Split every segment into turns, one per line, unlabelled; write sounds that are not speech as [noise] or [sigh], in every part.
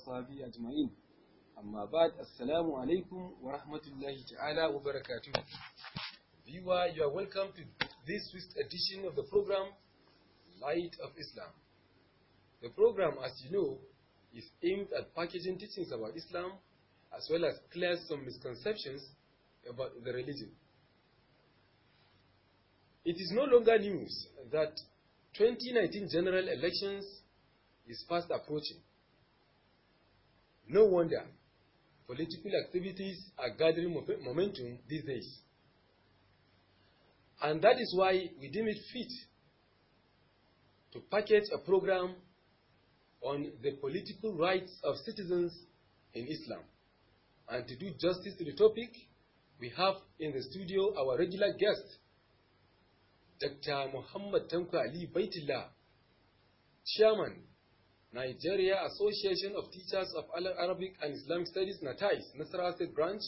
وصحبه أجمعين أما بعد السلام عليكم ورحمة الله تعالى وبركاته Viewer, you are welcome to this week's edition of the program Light of Islam. The program, as you know, is aimed at packaging teachings about Islam as well as clear some misconceptions about the religion. It is no longer news that 2019 general elections is fast approaching. No wonder political activities are gathering momentum these days. And that is why we deem it fit to package a program on the political rights of citizens in Islam. And to do justice to the topic, we have in the studio our regular guest, Dr. Muhammad Tanko Ali Baitillah, Chairman Nigeria Association of Teachers of Arabic and Islamic Studies, NATAIS, Nasarawa State Branch,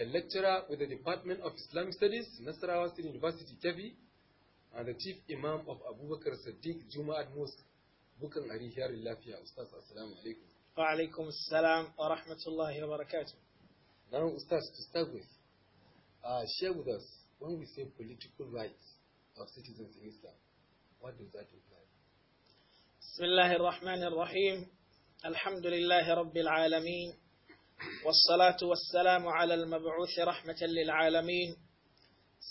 a lecturer with the Department of Islamic Studies, Nasarawa State University, Kevi, and the Chief Imam of Abu Bakr Siddiq Juma'at Mosque, Bukan Ari here in Lafia, Ustaz, Assalamu
alaikum. Wa alaikum assalam wa rahmatullahi wa barakatuh.
Now, Ustaz, to start with, uh, share with us, when we say political rights of citizens in Islam, what does that imply?
بسم الله الرحمن الرحيم الحمد لله رب العالمين والصلاة والسلام على المبعوث رحمة للعالمين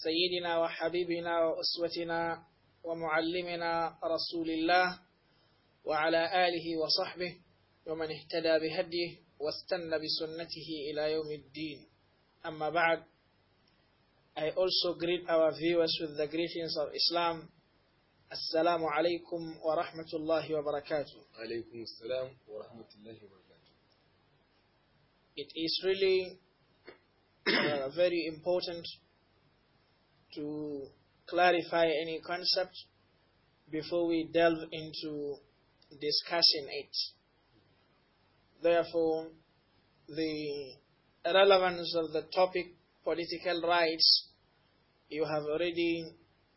سيدنا وحبيبنا وأسوتنا ومعلمنا رسول الله وعلى آله وصحبه ومن اهتدى بهديه واستنى بسنته إلى يوم الدين أما بعد I also greet our viewers with the greetings of Islam السلام عليكم ورحمة الله وبركاته عليكم
السلام ورحمة الله وبركاته
It is really uh, very important to clarify any concept before we delve into discussing it. Therefore, the relevance of the topic political rights you have already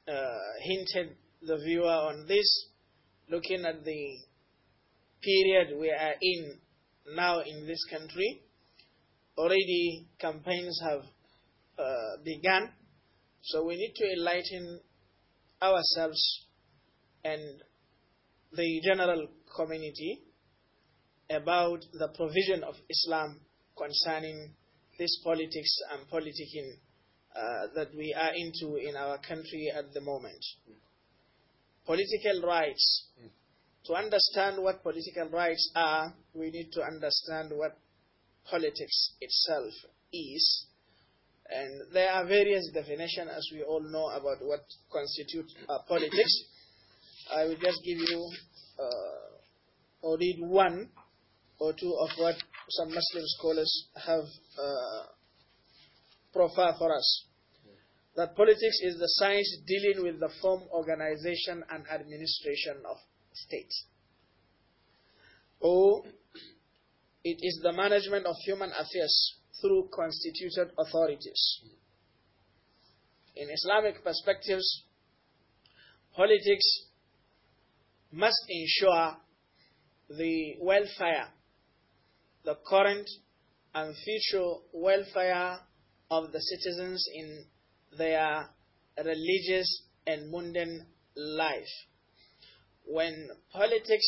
uh, hinted the viewer on this, looking at the period we are in now in this country. Already campaigns have uh, begun, so we need to enlighten ourselves and the general community about the provision of Islam concerning this politics and politicking uh, that we are into in our country at the moment political rights. Mm. To understand what political rights are, we need to understand what politics itself is. And there are various definitions, as we all know, about what constitutes uh, politics. [coughs] I will just give you uh, or read one or two of what some Muslim scholars have uh, profiled for us that politics is the science dealing with the form, organization, and administration of state. Or it is the management of human affairs through constituted authorities. In Islamic perspectives, politics must ensure the welfare, the current and future welfare of the citizens in their religious and mundane life. When politics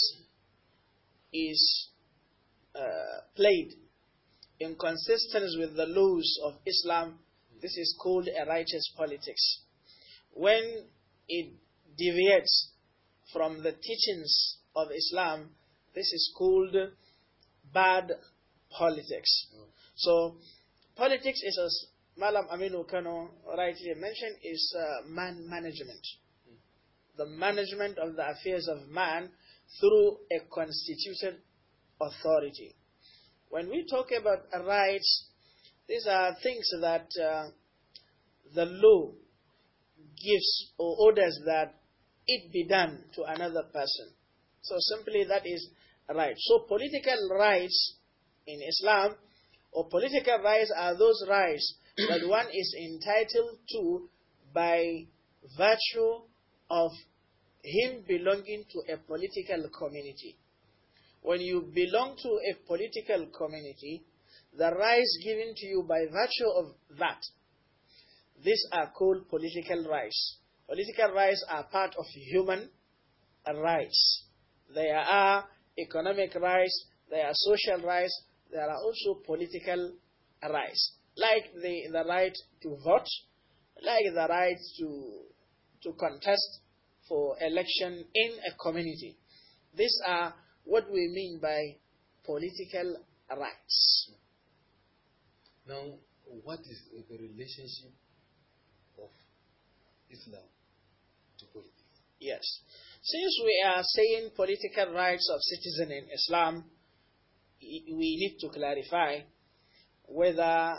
is uh, played in consistence with the laws of Islam, this is called a righteous politics. When it deviates from the teachings of Islam, this is called bad politics. So, politics is a Malam Aminu Kano rightly mentioned is uh, man management. The management of the affairs of man through a constituted authority. When we talk about rights, these are things that uh, the law gives or orders that it be done to another person. So simply that is right. So political rights in Islam or political rights are those rights that one is entitled to by virtue of him belonging to a political community. When you belong to a political community, the rights given to you by virtue of that, these are called political rights. Political rights are part of human rights. There are economic rights, there are social rights, there are also political rights like the, the right to vote, like the right to, to contest for election in a community. These are what we mean by political rights.
Now, what is the relationship of Islam to politics?
Yes. Since we are saying political rights of citizen in Islam, we need to clarify whether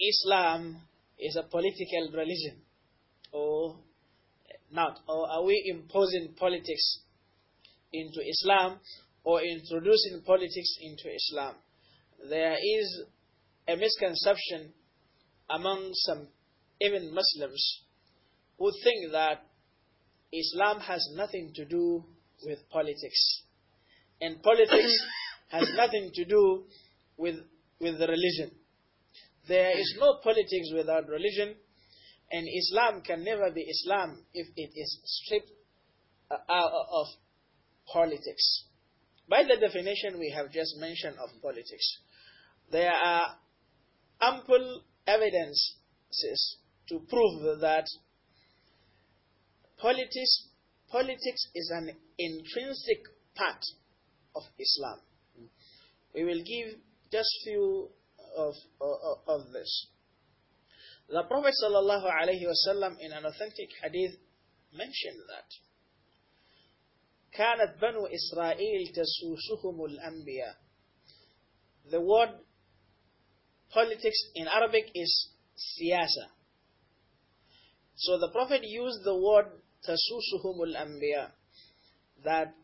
Islam is a political religion or not? Or are we imposing politics into Islam or introducing politics into Islam? There is a misconception among some even Muslims who think that Islam has nothing to do with politics. And politics [coughs] has nothing to do with, with the religion. There is no politics without religion, and Islam can never be Islam if it is stripped uh, out of politics. By the definition we have just mentioned of politics, there are ample evidences to prove that politics, politics is an intrinsic part of Islam. We will give just few of, of, of this. The Prophet ﷺ in an authentic hadith mentioned that. كانت بنو إسرائيل تسوسهم الأنبياء The word politics in Arabic is siyasa. So the Prophet used the word تسوسهم الأنبياء that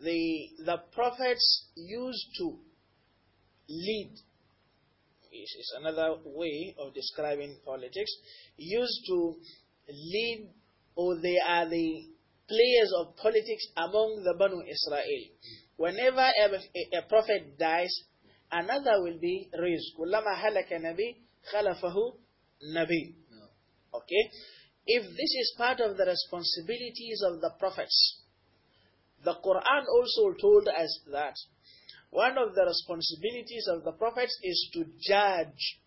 the, the prophets used to lead is. It's another way of describing politics used to lead or they are the players of politics among the Banu Israel. Whenever a, a prophet dies, another will be raised. كلما هلك نبي Okay? If this is part of the responsibilities of the prophets, the Quran also told us that One of the responsibilities of the prophets is to judge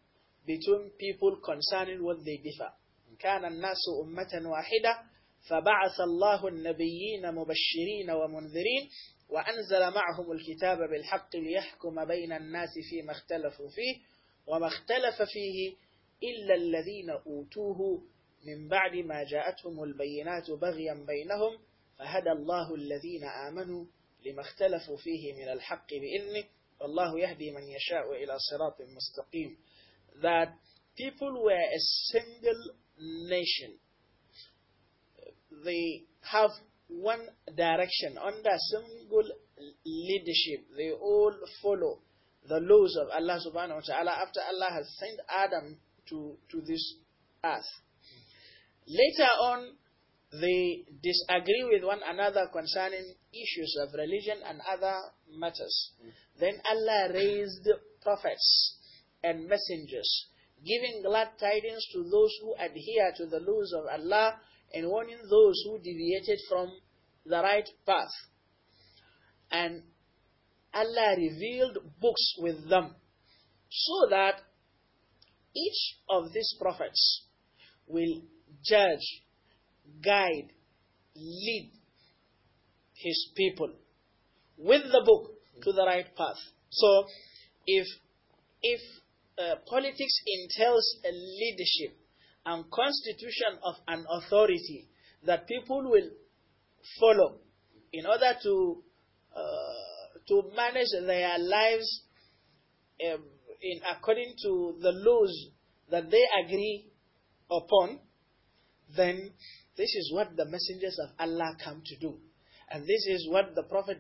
between people concerning what they differ. كان الناس أمة واحدة فبعث الله النبيين مبشرين ومنذرين وأنزل معهم الكتاب بالحق ليحكم بين الناس فيما اختلفوا فيه وما اختلف فيه إلا الذين أوتوه من بعد ما جاءتهم البينات بغيا بينهم فهدى الله الذين آمنوا لما اختلفوا فيه من الحق بإذنه Allah يهدي من يشاء إلى صراط مستقيم that people were a single nation they have one direction under single leadership they all follow the laws of Allah subhanahu wa ta'ala after Allah has sent Adam to to this earth later on they disagree with one another concerning issues of religion and other matters. Mm. Then Allah raised prophets and messengers, giving glad tidings to those who adhere to the laws of Allah and warning those who deviated from the right path. And Allah revealed books with them, so that each of these prophets will judge guide, lead his people with the book to the right path. So, if if uh, politics entails a leadership and constitution of an authority that people will follow in order to uh, to manage their lives um, in according to the laws that they agree upon, then this is what the messengers of Allah come to do. And this is what the Prophet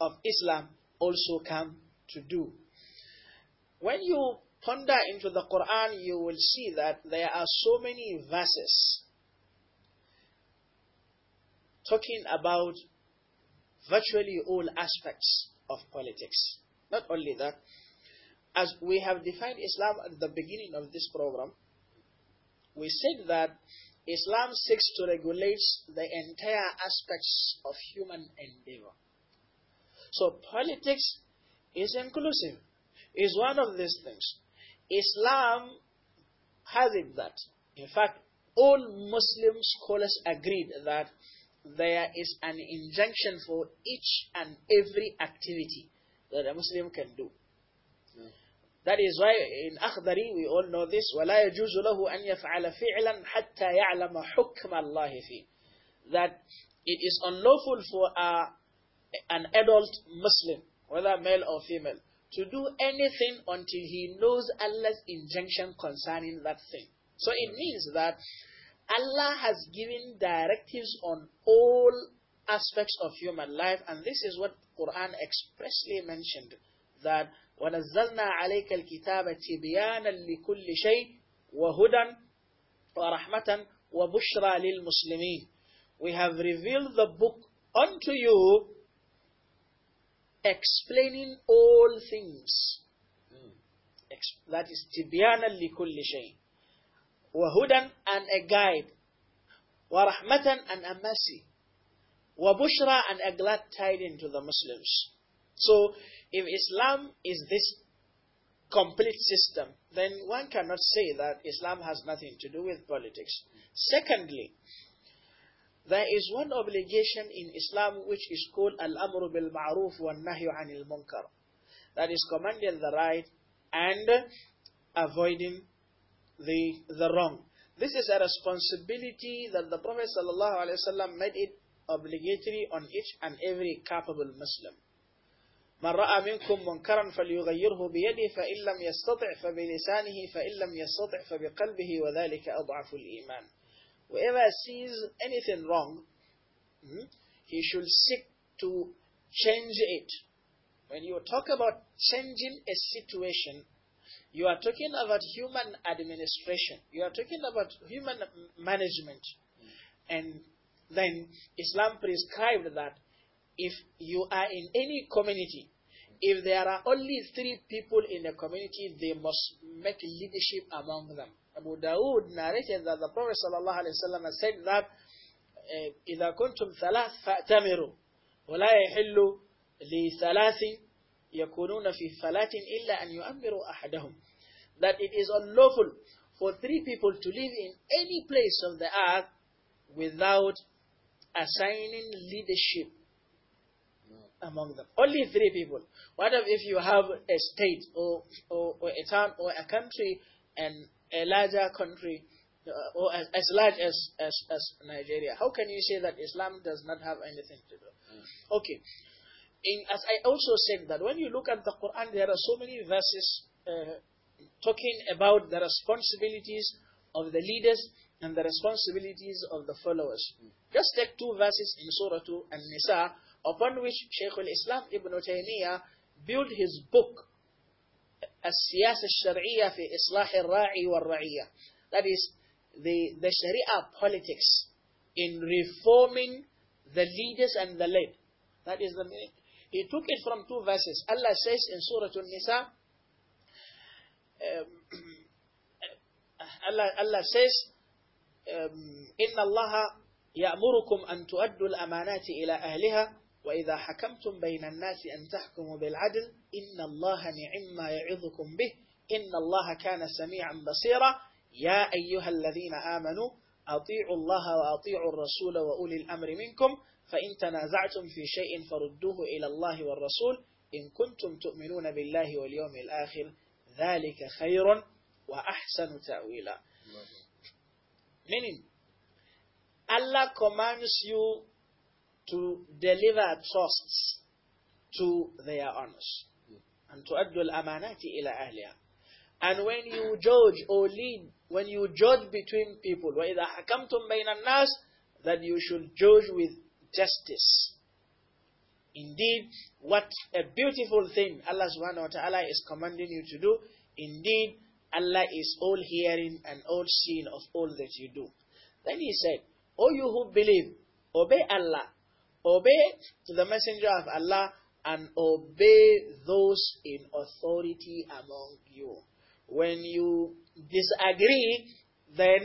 of Islam also come to do. When you ponder into the Quran, you will see that there are so many verses talking about virtually all aspects of politics. Not only that, as we have defined Islam at the beginning of this program, we said that Islam seeks to regulate the entire aspects of human endeavor. So politics is inclusive, is one of these things. Islam has it that, in fact, all Muslim scholars agreed that there is an injunction for each and every activity that a Muslim can do. That is why in Akhdari we all know this, وَلَا يَجُوزُ لَهُ أَنْ يَفْعَلَ فِعْلًا حَتَّى يَعْلَمَ حُكْمَ اللَّهِ فِيهِ That it is unlawful for a, an adult Muslim, whether male or female, to do anything until he knows Allah's injunction concerning that thing. So it means that Allah has given directives on all aspects of human life, and this is what Quran expressly mentioned, that ونزلنا عليك الكتاب تبيانا لكل شيء وهدى ورحمة وبشرى للمسلمين We have revealed the book unto you explaining all things. That is تبيانا لكل شيء وهدى and a guide ورحمة and a mercy وبشرى and a glad tidings to the Muslims. So if Islam is this complete system, then one cannot say that Islam has nothing to do with politics. Secondly, there is one obligation in Islam which is called al-amru bil ma'ruf wa nahyu anil munkar. That is commanding the right and avoiding the, the wrong. This is a responsibility that the Prophet ﷺ made it obligatory on each and every capable Muslim. من رأى منكم منكرا فليغيره بيده فإن لم يستطع فبلسانه فإن لم يستطع فبقلبه وذلك أضعف الإيمان Whoever sees anything wrong, hmm, he should seek to change it. When you talk about changing a situation, you are talking about human administration. You are talking about human management. And then Islam prescribed that if you are in any community if there are only three people in a community, they must make leadership among them. Abu Dawood narrated that the Prophet ﷺ said that إذا كنتم ثلاث فأتمروا ولا يحل لثلاث يكونون في فلات إلا أن يؤمروا أحدهم that it is unlawful for three people to live in any place of the earth without assigning leadership among them. Only three people. What if you have a state or, or, or a town or a country and a larger country uh, or as, as large as, as, as Nigeria? How can you say that Islam does not have anything to do? Mm. Okay. In, as I also said that when you look at the Quran, there are so many verses uh, talking about the responsibilities of the leaders and the responsibilities of the followers. Mm. Just take two verses in Surah 2 and Nisa upon which Shaykh al-Islam Ibn Taymiyyah built his book, As السياسة الشرعية في Ra'i الراعي والرعية. That is, the, the Sharia politics in reforming the leaders and the led. That is the meaning. He took it from two verses. Allah says in Surah Al nisa Allah, Allah says, إن الله يأمركم أن تؤدوا الأمانات إلى أهلها وإذا حكمتم بين الناس أن تحكموا بالعدل إن الله نعم ما يعظكم به إن الله كان سميعا بصيرا يا أيها الذين آمنوا أطيعوا الله وأطيعوا الرسول وأولي الأمر منكم فإن تنازعتم في شيء فردوه إلى الله والرسول إن كنتم تؤمنون بالله واليوم الآخر ذلك خير وأحسن تأويلا meaning الله commands you to deliver trusts to their owners. And to adul amanati ila ahliha. And when you judge or lead, when you judge between people, وَإِذَا حَكَمْتُمْ بَيْنَ النَّاسِ That you should judge with justice. Indeed, what a beautiful thing Allah subhanahu wa ta'ala is commanding you to do. Indeed, Allah is all hearing and all seeing of all that you do. Then he said, O you who believe, obey Allah Obey to the messenger of Allah and obey those in authority among you. When you disagree, then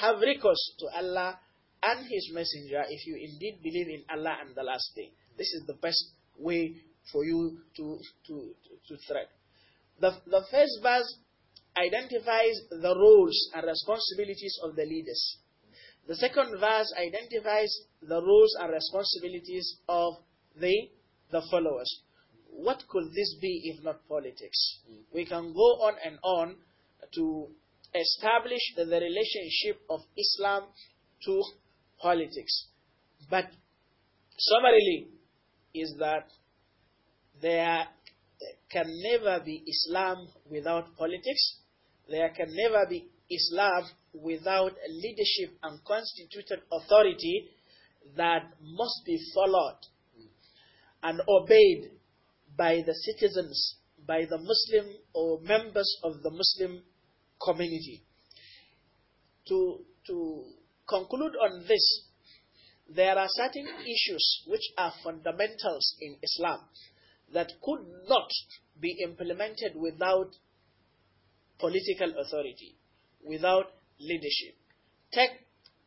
have recourse to Allah and His Messenger if you indeed believe in Allah and the Last Day. This is the best way for you to, to, to, to thread. The, the first verse identifies the roles and responsibilities of the leaders. The second verse identifies the roles and responsibilities of the, the followers. What could this be if not politics? Mm. We can go on and on to establish the relationship of Islam to politics. But summarily, is that there can never be Islam without politics. There can never be is love without leadership and constituted authority that must be followed and obeyed by the citizens, by the Muslim or members of the Muslim community. To, to conclude on this, there are certain issues which are fundamentals in Islam that could not be implemented without political authority without leadership. Take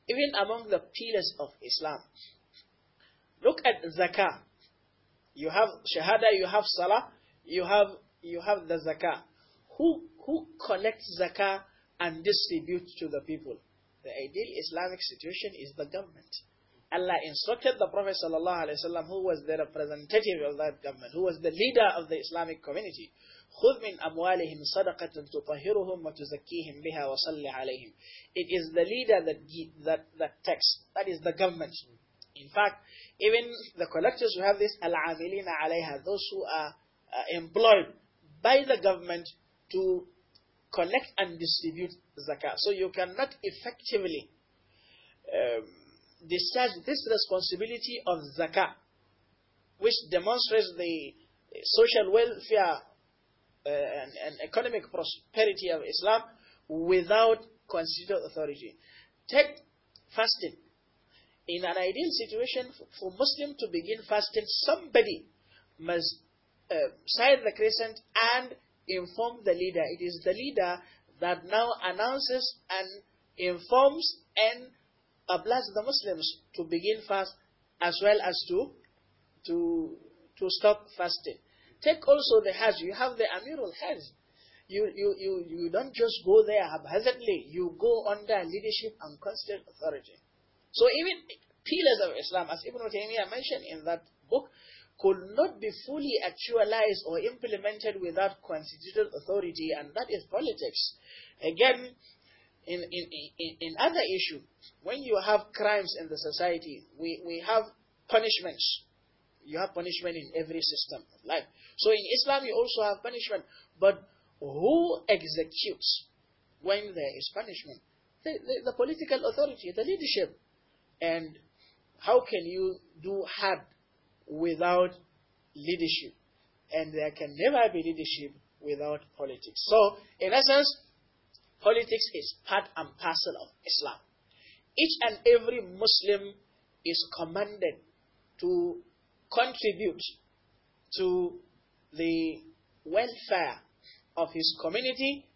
even among the pillars of Islam. Look at zakah. You have shahada, you have salah, you have you have the zakah. Who who collects zakah and distributes to the people? The ideal Islamic situation is the government. Allah instructed the Prophet ﷺ, who was the representative of that government, who was the leader of the Islamic community, خُذْ مِنْ أَمْوَالِهِمْ صَدَقَةً تُطَهِّرُهُمْ وَتُزَكِّيهِمْ بِهَا وَصَلِّ عَلَيْهِمْ It is the leader that, that, that text, that is the government. In fact, even the collectors who have this, الْعَامِلِينَ عَلَيْهَا Those who are uh, employed by the government to collect and distribute zakah, So you cannot effectively... Um, discharge this responsibility of zakah, which demonstrates the uh, social welfare uh, and, and economic prosperity of Islam without constitutional authority. Take fasting. In an ideal situation, for Muslim to begin fasting, somebody must uh, sign the crescent and inform the leader. It is the leader that now announces and informs and oblige uh, the Muslims to begin fast as well as to, to, to stop fasting. Take also the Hajj. You have the Amirul Hajj. You, you, you, you don't just go there haphazardly. You go under leadership and constant authority. So even pillars of Islam, as Ibn Taymiyyah mentioned in that book, could not be fully actualized or implemented without constituted authority, and that is politics. Again, in, in, in, in other issue, when you have crimes in the society, we, we have punishments. You have punishment in every system of life. So in Islam, you also have punishment. But who executes when there is punishment? The, the, the political authority, the leadership. And how can you do hard without leadership? And there can never be leadership without politics. So, in essence, Politics is part and parcel of Islam. Each and every Muslim is commanded to contribute to the welfare of his community.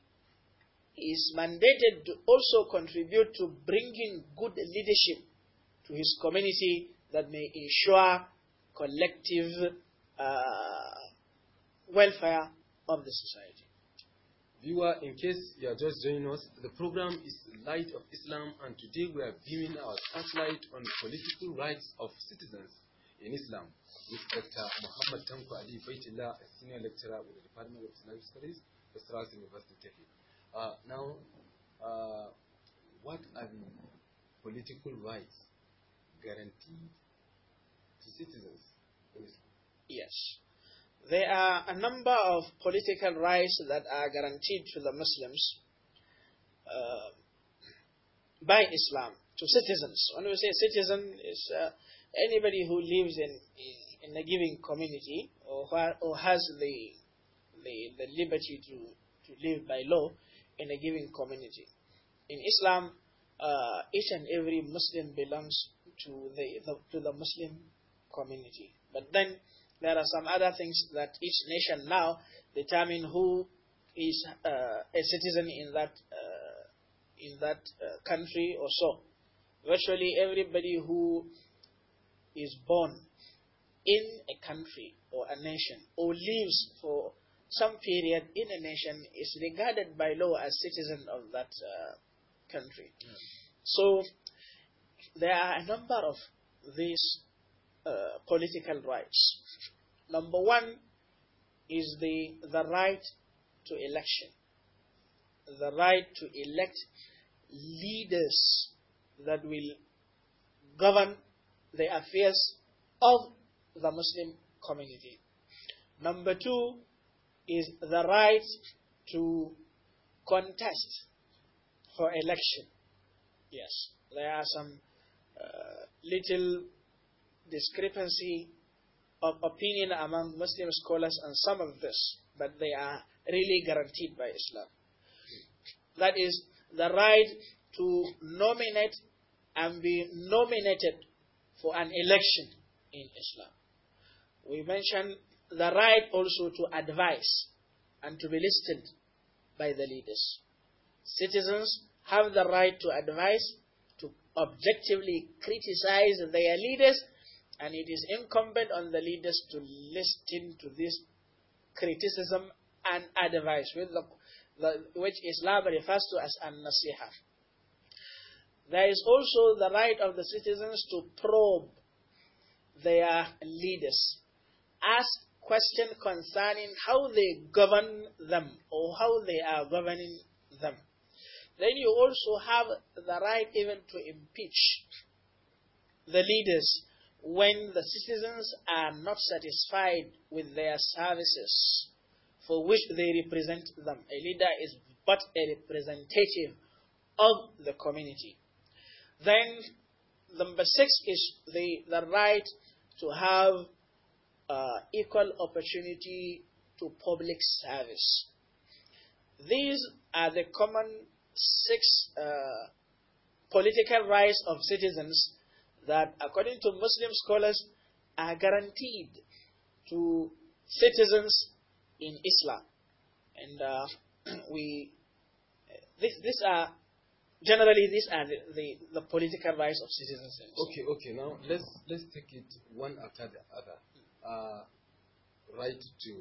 He is mandated to also contribute to bringing good leadership to his community that may ensure collective uh, welfare of the society viewer, in case you are just joining us,
the program is Light of Islam, and today we are viewing our spotlight on political rights of citizens in Islam with Dr. Muhammad Tanko Ali Baitullah, a senior lecturer with the Department of Islamic Studies, the University, Turkey. Uh, now, uh, what are the political rights guaranteed to citizens in Islam?
Yes. There are a number of political rights that are guaranteed to the Muslims uh, by Islam to citizens. When we say citizen, it's uh, anybody who lives in, in, a given community or, or has the, the, the liberty to, to live by law in a given community. In Islam, uh, each and every Muslim belongs to the, the, to the Muslim community. But then there are some other things that each nation now determine who is uh, a citizen in that uh, in that uh, country or so. Virtually everybody who is born in a country or a nation or lives for some period in a nation is regarded by law as citizen of that uh, country. Hmm. So there are a number of these uh, political rights. Number one is the, the right to election, the right to elect leaders that will govern the affairs of the Muslim community. Number two is the right to contest for election. Yes, there are some uh, little discrepancy of opinion among Muslim scholars on some of this, but they are really guaranteed by Islam. That is the right to nominate and be nominated for an election in Islam. We mentioned the right also to advise and to be listened by the leaders. Citizens have the right to advise, to objectively criticize their leaders and it is incumbent on the leaders to listen to this criticism and advice, which Islam refers to as an-nasiha. There is also the right of the citizens to probe their leaders, ask questions concerning how they govern them or how they are governing them. Then you also have the right even to impeach the leaders when the citizens are not satisfied with their services for which they represent them. A leader is but a representative of the community. Then number six is the, the right to have uh, equal opportunity to public service. These are the common six uh, political rights of citizens that according to Muslim scholars are guaranteed to citizens in Islam. And uh, [clears throat] we, uh, this, these are, generally these are the, the, the political rights of citizens. Okay, okay, now let's,
let's take it one after the other. Uh, right to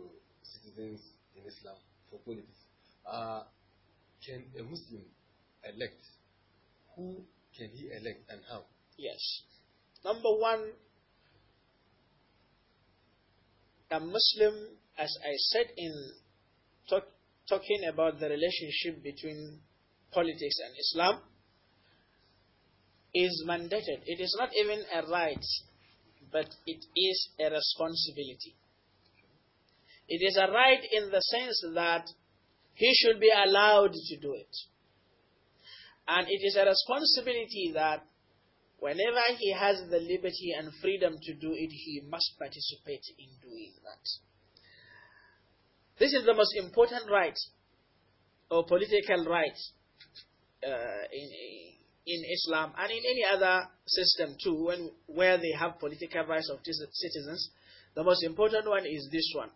citizens in Islam for politics. Uh, can a Muslim elect? Who can he elect and how?
Yes. Number one, a Muslim, as I said in talk, talking about the relationship between politics and Islam, is mandated. It is not even a right, but it is a responsibility. It is a right in the sense that he should be allowed to do it. And it is a responsibility that Whenever he has the liberty and freedom to do it, he must participate in doing that. This is the most important right or political right uh, in, in Islam and in any other system too, when, where they have political rights of citizens. The most important one is this one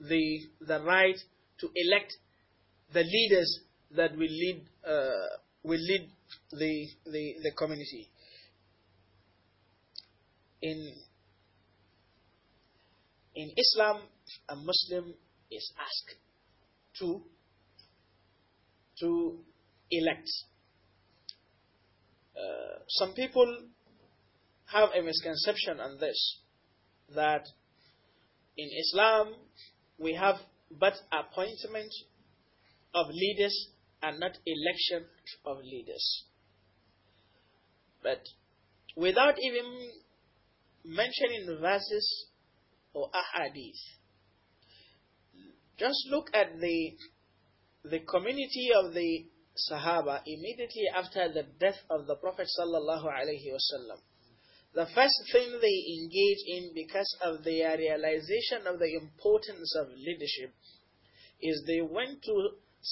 the, the right to elect the leaders that will lead, uh, will lead the, the, the community in in Islam, a Muslim is asked to to elect. Uh, some people have a misconception on this that in Islam we have but appointment of leaders and not election of leaders. But without even mentioning verses or ahadith. Just look at the the community of the Sahaba immediately after the death of the Prophet sallallahu alaihi wasallam. The first thing they engage in because of their realization of the importance of leadership is they went to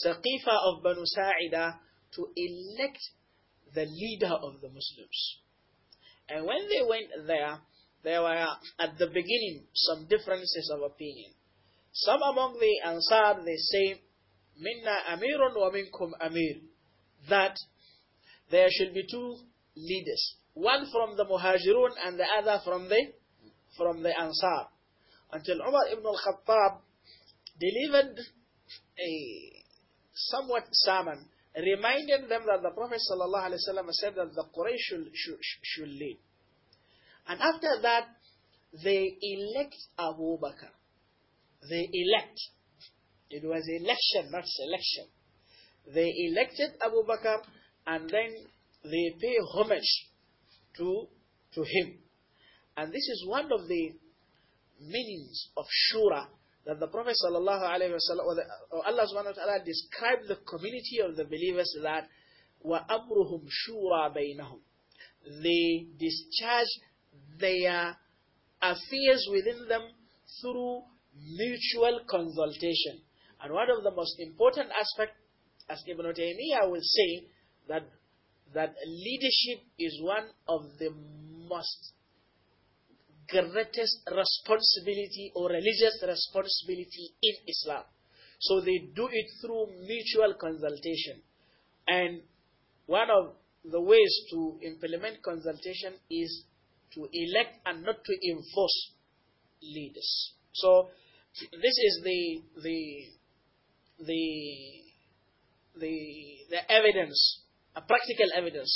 Saqifa of Banu Sa'ida to elect the leader of the Muslims. And when they went there, there were at the beginning some differences of opinion. Some among the Ansar, they say, Minna Amirun wa minkum Amir, that there should be two leaders, one from the Muhajirun and the other from the, from the Ansar. Until Umar ibn al-Khattab delivered a somewhat sermon, reminding them that the Prophet ﷺ said that the Quraysh should, should, should lead. And after that, they elect Abu Bakr. They elect. It was election, not selection. They elected Abu Bakr and then they pay homage to, to him. And this is one of the meanings of shura that the Prophet sallallahu alaihi wasallam or Allah subhanahu wa ta'ala described the community of the believers that wa amruhum shura baynahum. They discharge their affairs within them through mutual consultation. And one of the most important aspects, as Ibn Taymiyyah will say, that, that leadership is one of the most greatest responsibility or religious responsibility in Islam. So they do it through mutual consultation. And one of the ways to implement consultation is to elect and not to enforce leaders. So this is the the the the, the evidence, a practical evidence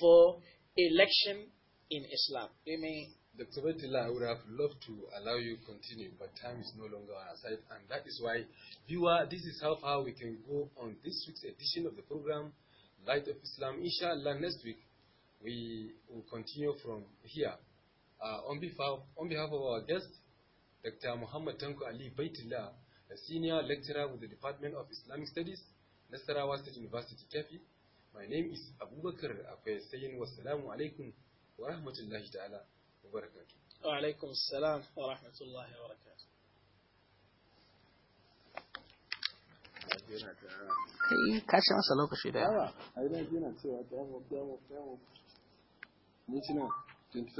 for election in Islam. You may
Dr. Betila, I would have loved to allow you to continue, but time is no longer on our side, and that is why, viewer, this is how far we can go on this week's edition of the program, Light of Islam. Inshallah, next week we will continue from here. Uh, on behalf of our guest, Dr. Muhammad Tanko Ali Baitullah, a Senior Lecturer with the Department of Islamic Studies, Nasarawa State University, Kefi. My name is Abu Bakr. Akwai saying wassalamu alaikum wa rahmatullahi ta'ala
wa barakatuh. Wa alaikum assalam wa rahmatullahi wa barakatuh. Ka
iya kashe masa lokaci da yawa. A idan yana cewa ta yamo, ta Mente não. Tem que